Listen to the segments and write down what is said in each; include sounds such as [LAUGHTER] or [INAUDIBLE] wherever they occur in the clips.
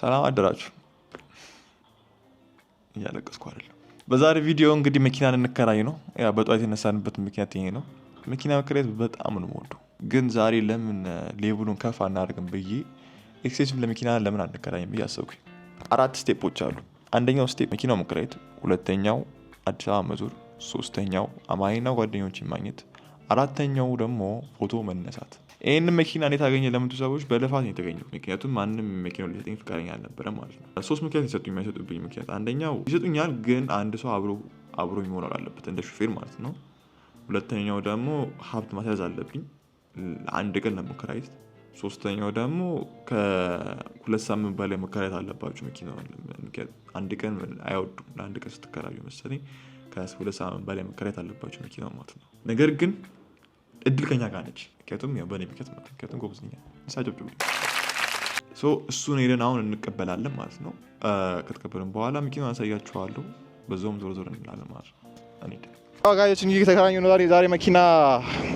ሰላም አደራችሁ። እያለቀስኩ አይደለም። በዛሬ ቪዲዮ እንግዲህ መኪናን እንከራይ ነው። በጠዋት የነሳንበት ምክንያት ይሄ ነው። መኪና መከራየት በጣም ነው የምወደው፣ ግን ዛሬ ለምን ሌብሉን ከፍ አናደርግም ብዬ ኤክስቴንሽን ለመኪና ለምን አንከራይም ብዬ አሰብኩኝ። አራት ስቴፖች አሉ። አንደኛው ስቴፕ መኪናው መከራየት፣ ሁለተኛው አዲስ አበባ መዞር፣ ሶስተኛው አማኝና ጓደኞችን ማግኘት፣ አራተኛው ደግሞ ፎቶ መነሳት። ይህን መኪና እኔ አገኘ ለምንቱ ሰዎች በልፋት ነው የተገኙት። ምክንያቱም ማንም መኪናው ሊሰጠኝ ፈቃደኛ አልነበረ ማለት ነው። ሶስት ምክንያት ሊሰጡ የሚያሰጡብኝ ምክንያት አንደኛው ይሰጡኛል፣ ግን አንድ ሰው አብሮ አብሮ መሆን አለበት እንደ ሹፌር ማለት ነው። ሁለተኛው ደግሞ ሀብት ማስያዝ አለብኝ አንድ ቀን ለመከራየት። ሶስተኛው ደግሞ ከሁለት ሳምንት በላይ መከራየት አለባቸው መኪና አንድ ቀን አይወዱም። ለአንድ ቀን ስትከራዩ መሰለኝ ከሁለት ሳምንት በላይ መከራየት አለባቸው መኪና ማለት ነው ነገር ግን እድል ከኛ ጋር ነች። ምክንያቱም በእኔ ምክንያት ማለት ምክንያቱም ጎበዝ ነኝ ሳጆብ እሱን ሄደን አሁን እንቀበላለን ማለት ነው። ከተቀበልን በኋላ መኪና አሳያችኋለሁ። በዛውም ዞር ዞር እንላለን ማለት ነው። ጋዮች እንግዲህ የተከራኘው ነው ዛሬ መኪና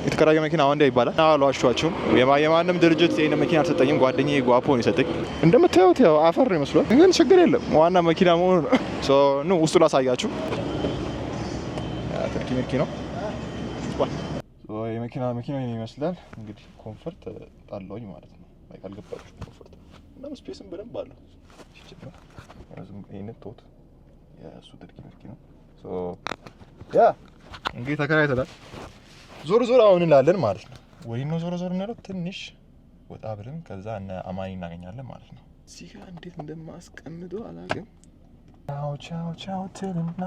የተከራኘው መኪና ሆንዳ ይባላል። አልዋሻችሁም፣ የማንም ድርጅት ይህን መኪና አልሰጠኝም። ጓደኛ ጓፖ ነው የሰጠኝ። እንደምታዩት ያው አፈር ነው ይመስሏል፣ ግን ችግር የለም ዋና መኪና መሆኑ ነው። ውስጡ ላሳያችሁ ነው የመኪና መኪና ይመስላል እንግዲህ ኮንፈርት ጣለውኝ ማለት ነው። ላይክ አልገባችሁም? ኮንፈርት ምናምን ስፔስም በደንብ አለው። ሲጀመር ይሄን ተውት፣ የእሱ ጥድቂ ምርኪ ነው። ሶ ያ እንግዲህ ተከራይተናል። ዞር ዞር አሁን እንላለን ማለት ነው። ወይ ነው ዞር ዞር እንለው። ትንሽ ወጣ ብለን ከዛ እነ አማኒ እናገኛለን ማለት ነው። እዚህ ጋ እንዴት እንደማስቀምጠው አላውቅም። ቻው ቻው ቻው ትልና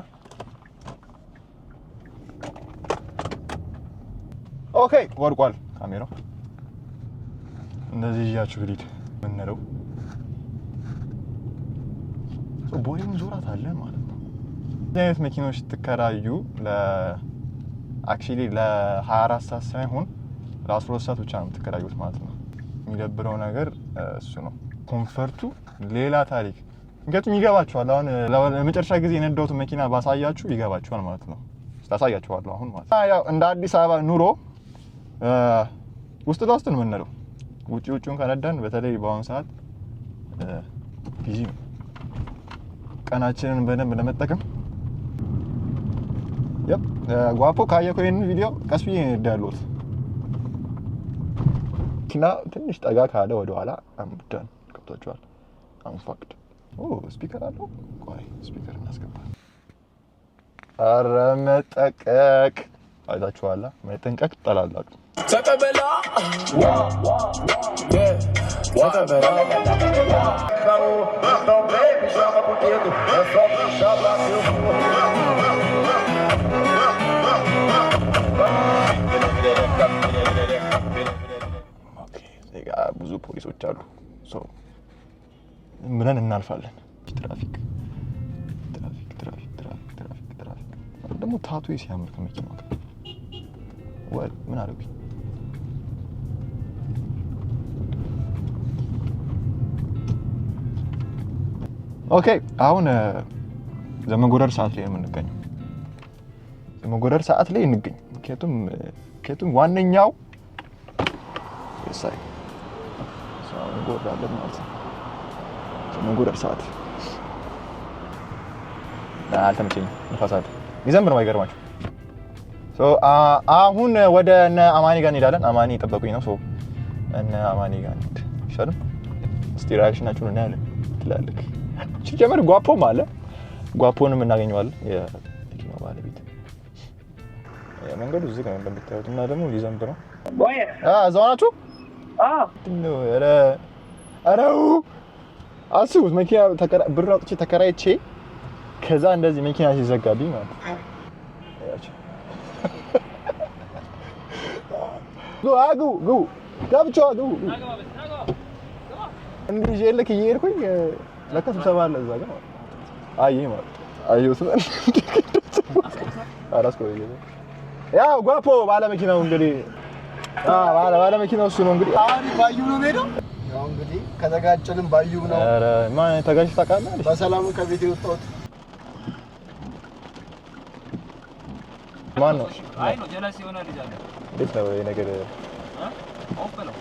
ኦኬ ወድቋል ካሜራው። እንደዚህ ይዣችሁ ግዲድ ምንለው ቦይም ዙራት አለ ማለት ነው። እዚህ አይነት መኪናዎች ስትከራዩ አክቹዋሊ ለ24 ሰዓት ሳይሆን ለ12 ሰዓት ብቻ ነው የምትከራዩት ማለት ነው። የሚደብረው ነገር እሱ ነው። ኮንፈርቱ ሌላ ታሪክ። ምክንያቱም ይገባችኋል። አሁን ለመጨረሻ ጊዜ የነዳሁትን መኪና ባሳያችሁ ይገባችኋል ማለት ነው። ስላሳያችኋለሁ አሁን ማለት እንደ አዲስ አበባ ኑሮ ውስጥ ለውስጥ ነው የምንለው። ውጭ ውጭውን ከነዳን በተለይ በአሁኑ ሰዓት ቢዚ ነው። ቀናችንን በደንብ ለመጠቀም ያ ጓፖ ካየኮ ይህን ቪዲዮ ቀስ ብዬ ነዳ ያለሁት መኪና ትንሽ ጠጋ ካለ ወደኋላ አምዳን ገብቷቸዋል። አንፋክድ ስፒከር አለው። ቆይ ስፒከር እናስገባል። አረ መጠቀቅ አይታችኋላ። መጠንቀቅ ትጠላላችሁ። ተቀበላ ብዙ ፖሊሶች አሉ። ምንን እናልፋለን? ትራፊክ ትራፊክ ደግሞ ታቱ ሲያምር ከመኪና ወይ ምን አደረጉኝ ኦኬ አሁን ዘመጎደር ሰዓት ላይ የምንገኘው ዘመጎደር ሰዓት ላይ እንገኝ። ምክንያቱም ምክንያቱም ዋነኛው ሳይ ዘመንጎደር ሰዓት አልተመቸኝም። ንፋሳት ይዘንብ ነው አይገርማችሁ። አሁን ወደ እነ አማኒ ጋር እንሄዳለን። አማኒ ጠበቁኝ ነው እነ አማኒ ጋር እንሄድ ይሻልም። እስቲ ሪያክሽናችሁን እናያለን ትላለክ ሲጀመር ጓፖም አለ። ጓፖንም እናገኘዋለን። የመኪናው ባለቤት መንገዱ ዝግ ነው እንደምታዩት፣ እና ደግሞ ሊዘንብ ነው። እዛው ናችሁ። ረው አስቡት፣ መኪና ብር አውጥቼ ተከራይቼ ከዛ እንደዚህ መኪና ሲዘጋብኝ ማለት ግቡ ግቡ ገብቼዋ ግቡ እንዲህ ልክ እየሄድኩኝ ለካ ስብሰባ አለ እዛ ጋር አይ ማለት አየሁት። አራስ ቆይ ያው ጓፖ ባለ መኪናው እንግዲህ አዎ፣ ባለ ባለ መኪናው እሱ ነው እንግዲህ። አሁን ባዩ ነው ሄደው ያው እንግዲህ ከተጋጨንም ባዩ ነው። ኧረ ማን ተጋጭተህ ታውቃለህ? በሰላም ከቤት የወጣሁት ማን ነው? አይ ነው ጀለስ የሆነ ልጅ አለ። ቤት ነው ይሄ ነገር ኦፕ ነው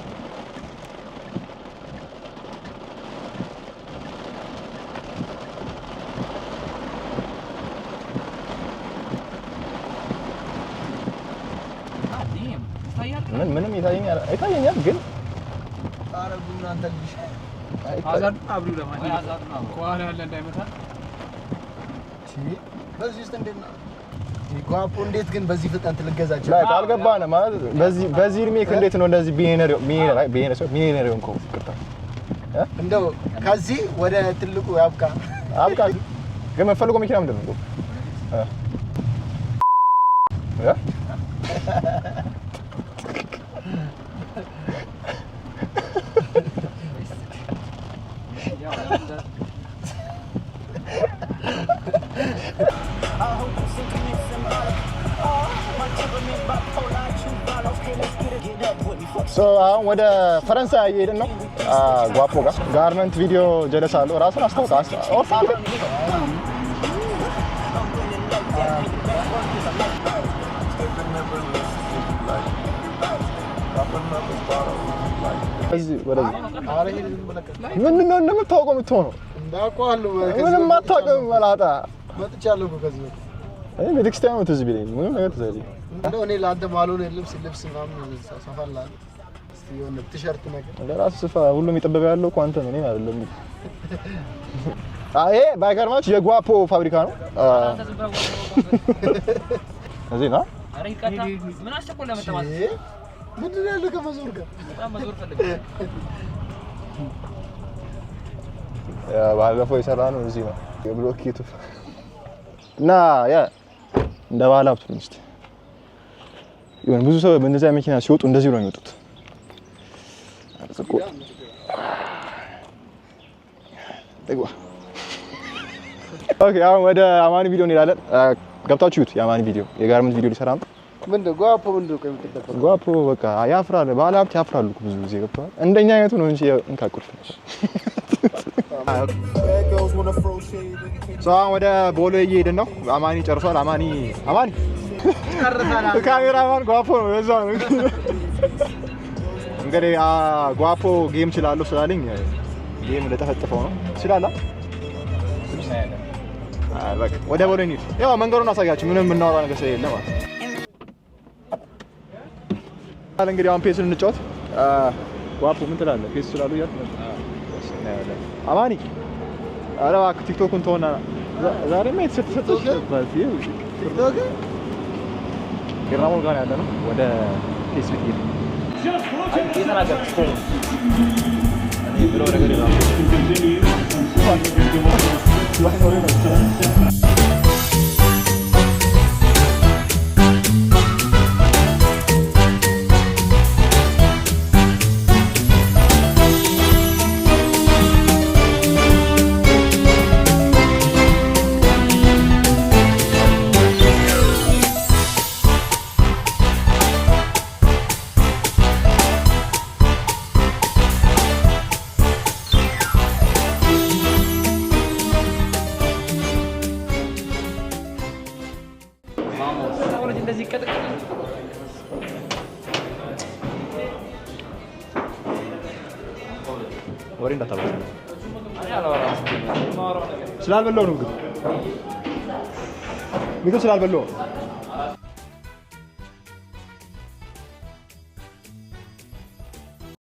ምንም ይታየኛል አይታየኛል ግን እንዴት ግን በዚህ ፍጥነት ልገዛቸው ላይ አልገባንም ማለት በዚህ በዚህ እድሜህ እንዴት ነው እንደዚህ ቢሊየነር እንደው ከዚህ ወደ ትልቁ ያብቃ አብቃ። ግን የምፈልገው መኪና ምንድን ነው? አሁን ወደ ፈረንሳይ እየሄድን ነው። ጓፖ ጋር ጋርመንት ቪዲዮ ጀለስ አለው ራሱን አስታውቃ ኦርፋለን ምንድን ነው እንደምታውቀው የምትሆነው? ምንም አታውቅም። መላጣ ቤተክርስቲያኑ ትዝ ቢለኝ ምንም ነገር ትዝ አይለኝም። እኔ ለአንተ ባልሆነ የለም ልብስ ምናምን ሰፋ እልሀለሁ። የሆነ ቲሸርት ነገር ለራሱ ስፋ። ሁሉም የጠበበ ያለው እኮ አንተ ነው፣ እኔ አይደለም። ይሄ ባይገርማችሁ የጓፖ ፋብሪካ ነው። እዚህ ነው። ምንድን ነው ከመዞር ጋር ባለፈው የሰራ ነው። እዚህ ነው የብሎኬቱ እና እንደ ባለ ሀብቱ ነው። የሆነ ብዙ ሰው በእንደዚያ መኪና ሲወጡ እንደዚህ ነው የሚወጡት። ኦኬ አሁን ወደ አማኒ ቪዲዮ እንሄዳለን። ገብታችሁ ይዩት። የአማኒ ቪዲዮ የጋርመንት ቪዲዮ ሊሰራ ነው። ጓፖ በቃ ያፍራል፣ ባለ ሀብት ያፍራሉ ብዙ ጊዜ ገብተዋል። እንደኛ አይነቱ ነው እንጂ እንካ ቁልፍ። [LAUGHS] አሁን ወደ ቦሎ እየሄድን ነው። አማኒ ጨርሷል። አማኒ አማኒ ካሜራማን ጓፖ ነው። በዛ ነው እንግዲህ ጓፖ ጌም ችላለሁ ስላለኝ ጌም ለጠፈጥፈው ነው ችላላ ወደ ቦሌ እንሂድ። ያው መንገዱን አሳያችሁ። ምንም የምናወራ ነገር ስለሌለ ማለት ነው። እንግዲህ አሁን ፔስ እንጫወት። ዋፖ ምን ትላለህ? ፔስ ስላሉ እያልኩ ነው። አማኒ ኧረ እባክህ ቲክቶኩን ተወና ዛሬማ የተሰጠሰጠበት ቲክቶክ ግራሙን ያለ ነው ወደ ፒስቪት ይሄ እኔ ብሎ ነገር ወሬ እንዳታበዛ። ስላልበላው ነው ምግብ ምግብ ስላልበላው